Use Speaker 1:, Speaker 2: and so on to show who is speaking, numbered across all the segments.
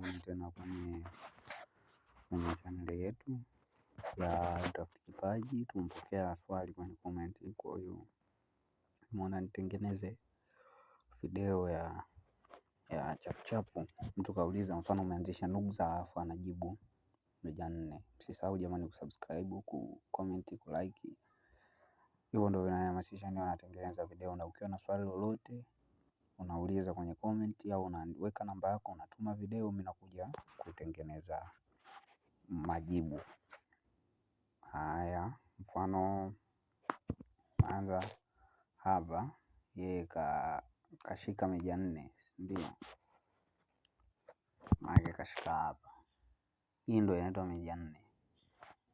Speaker 1: karibuni tena kwenye chaneli yetu ya utafiti Kipaji. Tumepokea swali kwenye komenti, kwa hiyo nimeona nitengeneze video ya ya chapuchapu. Mtu kauliza, mfano umeanzisha Nukza alafu anajibu meja nne. Msisahau jamani kusubscribe, ku like, Hivyo ndio vinahamasisha niwe natengeneza video, na ukiwa na swali lolote unauliza kwenye comment au unaweka namba yako unatuma video mimi nakuja kutengeneza majibu. Haya, mfano anza hapa yeye ka kashika mija nne, ndio? Maana kashika hapa, hii ndio inaitwa mija nne.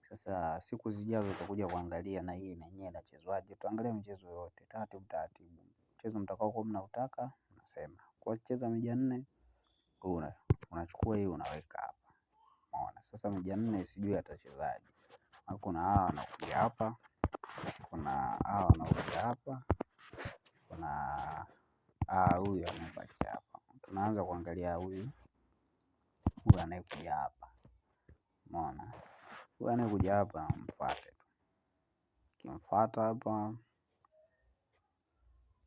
Speaker 1: Sasa siku zijazo tutakuja kuangalia na hii yenyewe inachezwaje, Tuangalie michezo yote taratibu taratibu mchezo kuwa mnautaka unasema kwa kucheza mija nne unachukua hii unaweka hapa. Umeona sasa mija nne sijui atachezaje. Kuna hawa wanakuja hapa, kuna hawa wanakuja hapa, kuna huyu anabaki hapa. Tunaanza kuangalia huyu huyu anayekuja hapa. Umeona huyu anayekuja hapa mfuate tu, ukimfuata hapa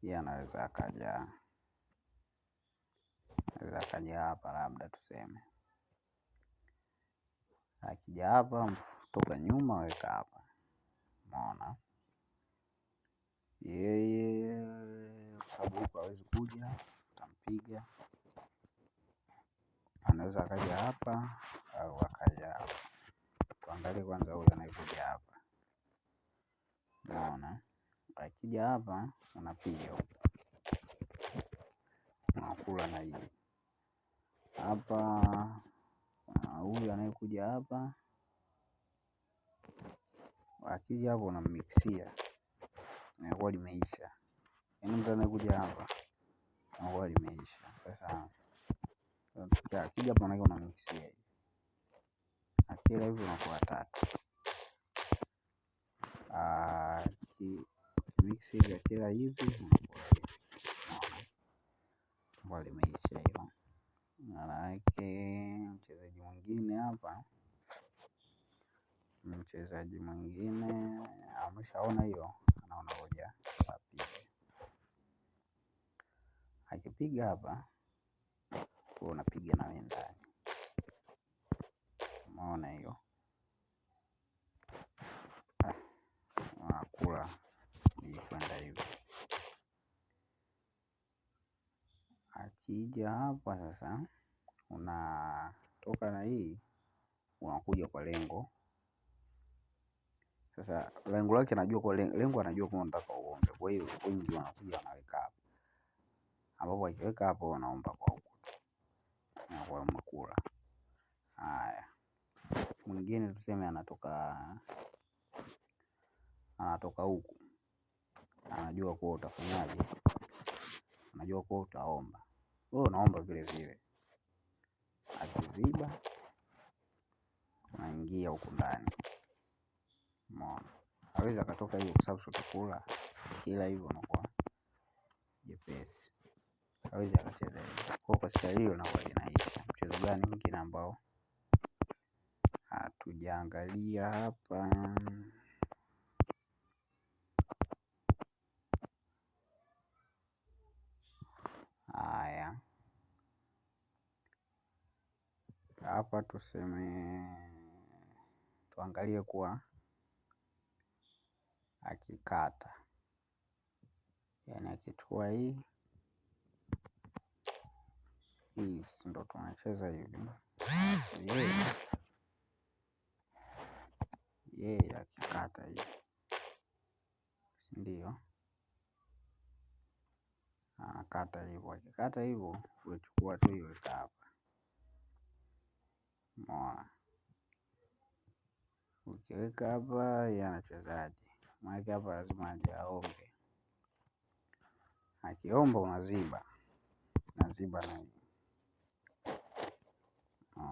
Speaker 1: pia anaweza akaja anaweza akaja hapa, labda tuseme akija hapa, toka nyuma, weka hapa, umeona yeye, sababu huku hawezi kuja, utampiga. Anaweza akaja hapa au akaja hapa. Tuangalie kwanza huyu anayekuja hapa, umeona Akija hapa anapiga huku, unakula na hii hapa. Ah, huyu anayekuja hapa, akija hapo unammikisia, inakuwa limeisha. Yaani mtu anayekuja hapa inakuwa limeisha. Sasa akija hapa, manake unammikisia hivi, akila hivi unakuwa tatu mix vyakula hivi ambao limeisha hilo. Maanake mchezaji mwingine hapa, mchezaji mwingine ameshaona hiyo, anaona ngoja apige. Akipiga hapa, wewe unapiga na wewe ndani, umeona hiyo. Ikija hapa sasa, unatoka na hii unakuja kwa lengo sasa. Lengo lake anajua kwa lengo, anajua kwa nataka uombe. Kwa hiyo wengi wanakuja wanaweka hapa, ambapo akiweka hapo wanaomba kwa huko na kwa mkula. Haya, mwingine tuseme anatoka anatoka huku, anajua kuwa utafanyaje, anajua kuwa utaomba wewe unaomba vile vile. Akiziba unaingia huku ndani. Umeona? Hawezi akatoka hivyo kwa sababu utakula kila hivyo unakuwa jepesi. Hawezi akacheza hivyo. Kwa kwa staili hiyo inakuwa inaisha. Mchezo gani mwingine ambao hatujaangalia hapa? hapa tuseme, tuangalie kuwa akikata, yaani akichukua hii hii, ndo tunacheza hivi yeye yeye akikata hii, sindio? Anakata hivyo, akikata hivyo, kuchukua tu iweka hapa Umeona? Ukiweka hapa yeye anachezaje? Maanake hapa lazima aje aombe. Akiomba unaziba, unaziba na hii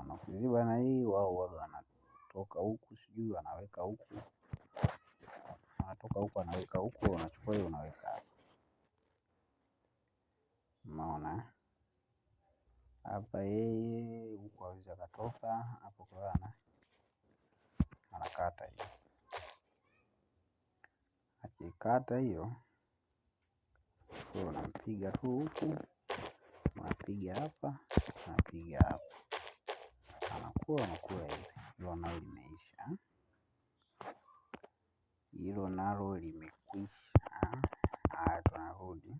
Speaker 1: na ukiziba na hii, wao waga wanatoka huku, sijui wanaweka huku, wanatoka huku wanaweka huku, unachukua hii unaweka hapa, umeona? Hapa yeye huku hawezi akatoka hapo kwa anakata hiyo, akikata hiyo unampiga tu huku, unapiga hapa, unapiga hapa, anakuwa anakuwa hivi. Hilo nalo limeisha, hilo nalo limekwisha. Haya, tunarudi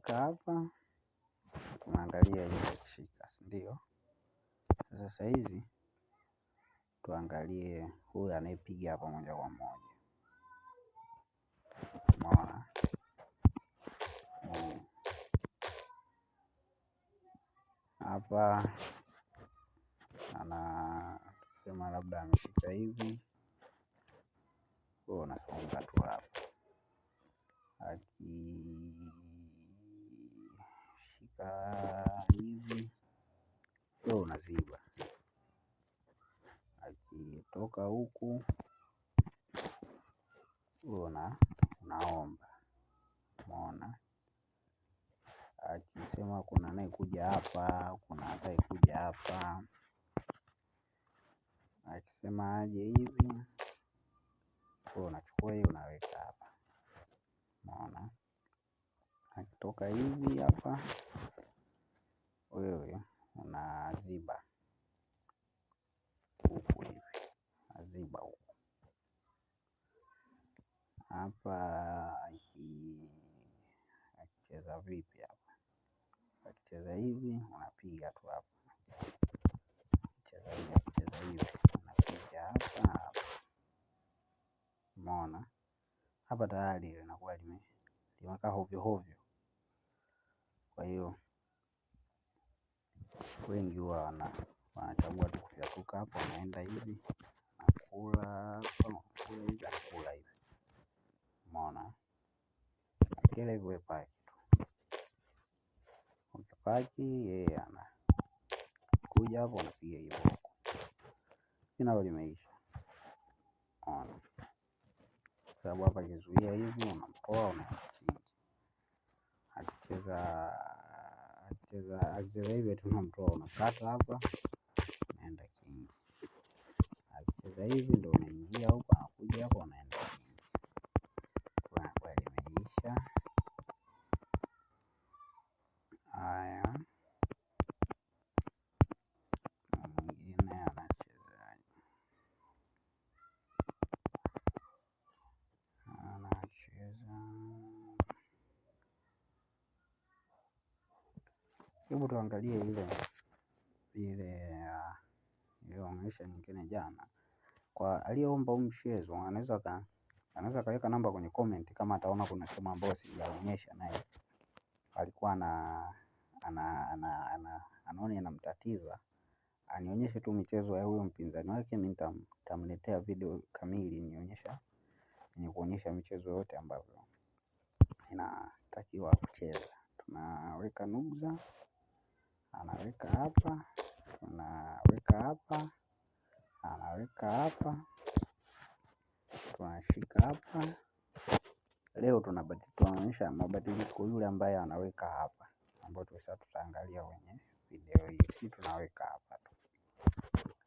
Speaker 1: Nikiweka hapa tunaangalia hii ikishika ndio. Sasa hizi tuangalie huyu anayepiga hapa moja kwa moja umeona hmm. hapa ana sema labda ameshika hivi, huyo unasonga tu hapa aki Ukiweka hivi ndio unaziba, akitoka huku wewe unaomba, umeona. Akisema kuna anayekuja hapa, kuna kuja hapa, akisema aje hivi wewe unachukua hiyo unaweka hapa, umeona. Akitoka hivi hapa wewe unaziba huku hivi, naziba huku hapa, akicheza vipi hapa, akicheza hivi unapiga tu hapa, akicheza hivi, akicheza hivi unapiga hapa hapa. Umeona hapa tayari linakuwa limekaa hovyo hovyo, kwa hiyo wengi huwa wanachagua tu kufyatuka hapo wanaenda hivi nakula hivi nakula hivi umeona kile hivyo hepaki tu ukipaki yeye ana kuja hapo unapiga hivyo huku nalo limeisha unaona sababu hapa akizuia hivi unamtoa unamchinja akicheza Akicheza akicheza hivi eti unamtoa unakata hapa naenda kingi. Akicheza hivi ndo unaingia huko anakuja hapo. Hebu tuangalie ile ile niliyoonyesha nyingine jana. Kwa aliyeomba huu mchezo anaweza anaweza kaweka namba kwenye comment kama ataona kuna sehemu ambayo sijaonyesha naye alikuwa ana ana anaona inamtatiza anionyeshe tu michezo ya huyo mpinzani wake, mimi nitamletea video kamili nionyesha ni kuonyesha michezo yote ambavyo inatakiwa kucheza. Tunaweka nuga anaweka hapa, tunaweka hapa, anaweka hapa, tunashika hapa. Leo tunaonyesha mabadiliko yule ambaye anaweka hapa, ambayo tusa tutaangalia kwenye video hii. Si tunaweka hapa tu,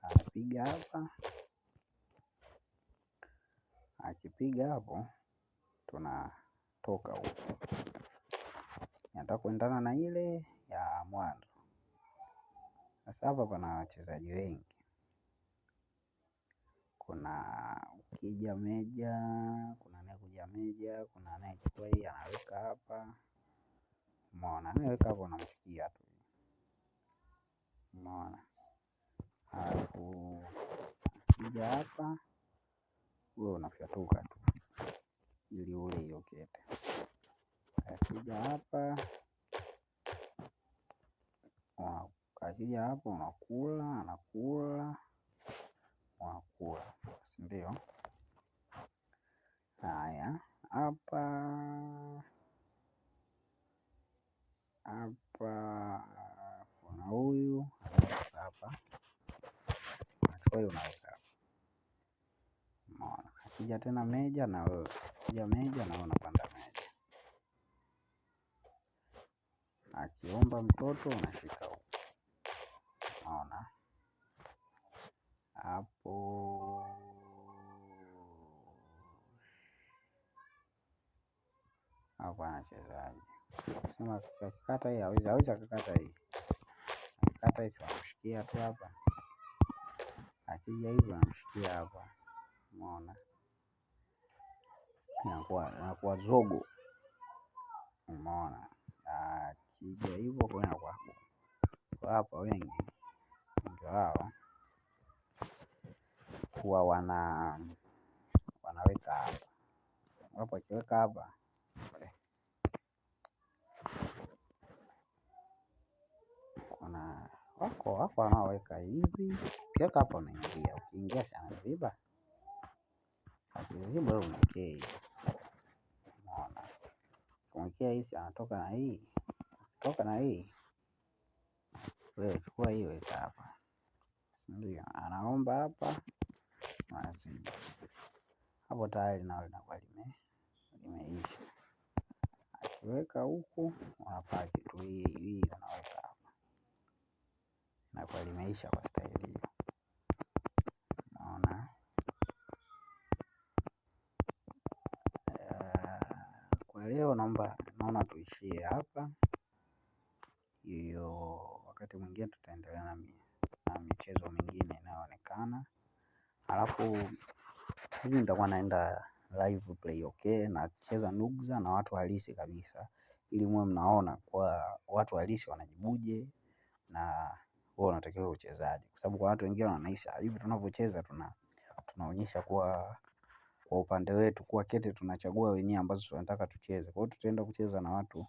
Speaker 1: anapiga hapa, akipiga hapo tunatoka huko, nataka kuendana na ile ya mwanzo. Sasa hapa kuna wachezaji wengi. Kuna ukija meja, kuna anayekuja meja, kuna anayechukua hii anaweka hapa. Umeona? Anayeweka hapa unamshikia tu. Umeona? alafu ukija hapa wewe unafyatuka tu ili ule hiyo kete. Akija hapa ah, akija hapo unakula anakula unakula, si ndio? Haya, hapa hapa kuna huyu hapa, unachukua hiyo unaweka mona Akija tena meja, na wewe akija meja, na wewe unapanda meja. Akiomba mtoto unashika hapo hapo anachezaji Sema akikata hii hawezi, hawezi akakata hii, akikata hii siwamshikia tu hapa, akija hivi anamshikia hapa, umeona, inakuwa zogo, umeona, akija hivyo kwa hapo. Kwa hapa wengi ndio hawa huwa wanaweka hapa hapo akiweka hapa kuna wako wako wanaoweka hivi, ukiweka hapa unaingia, ukiingia sana anaziba, akiziba wewe umwekee hii, unaona, ukimwekea hii anatoka na hii, toka na hii, wewe chukua hii weka hapa, ndio anaomba hapa maziwa. Hapo tayari nao linakuwa limeisha. akiweka huku unapaki kitu hii hii unaweka hapa. Inakuwa limeisha kwa staili hiyo. Naona eh, Kwa leo naomba naona tuishie hapa. Hiyo wakati mwingine tutaendelea na michezo mingine inayoonekana. Alafu hizi nitakuwa naenda live play okay nacheza nugza na watu halisi kabisa. Ili muwe mnaona kwa watu halisi wanajibuje na huwa unatakiwa uchezaje. Kwa sababu kwa watu wengine wanahisi ah, hivi tunavyocheza tunaonyesha kuwa kwa upande wetu kuwa kete tunachagua wenyewe ambazo tunataka tucheze. Kwa hiyo tutaenda kucheza na watu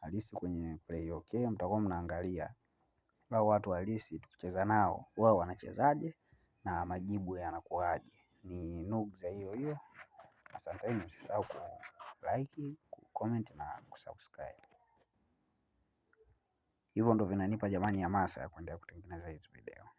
Speaker 1: halisi kwenye play okay mtakuwa mnaangalia hao watu halisi tukicheza nao wao wanachezaje na majibu yanakuwaje. Ni nukta hiyo hiyo. Asanteni msisahau ku comment na kusubscribe. Hivyo ndo vinanipa jamani hamasa ya kuendelea kutengeneza hizi video.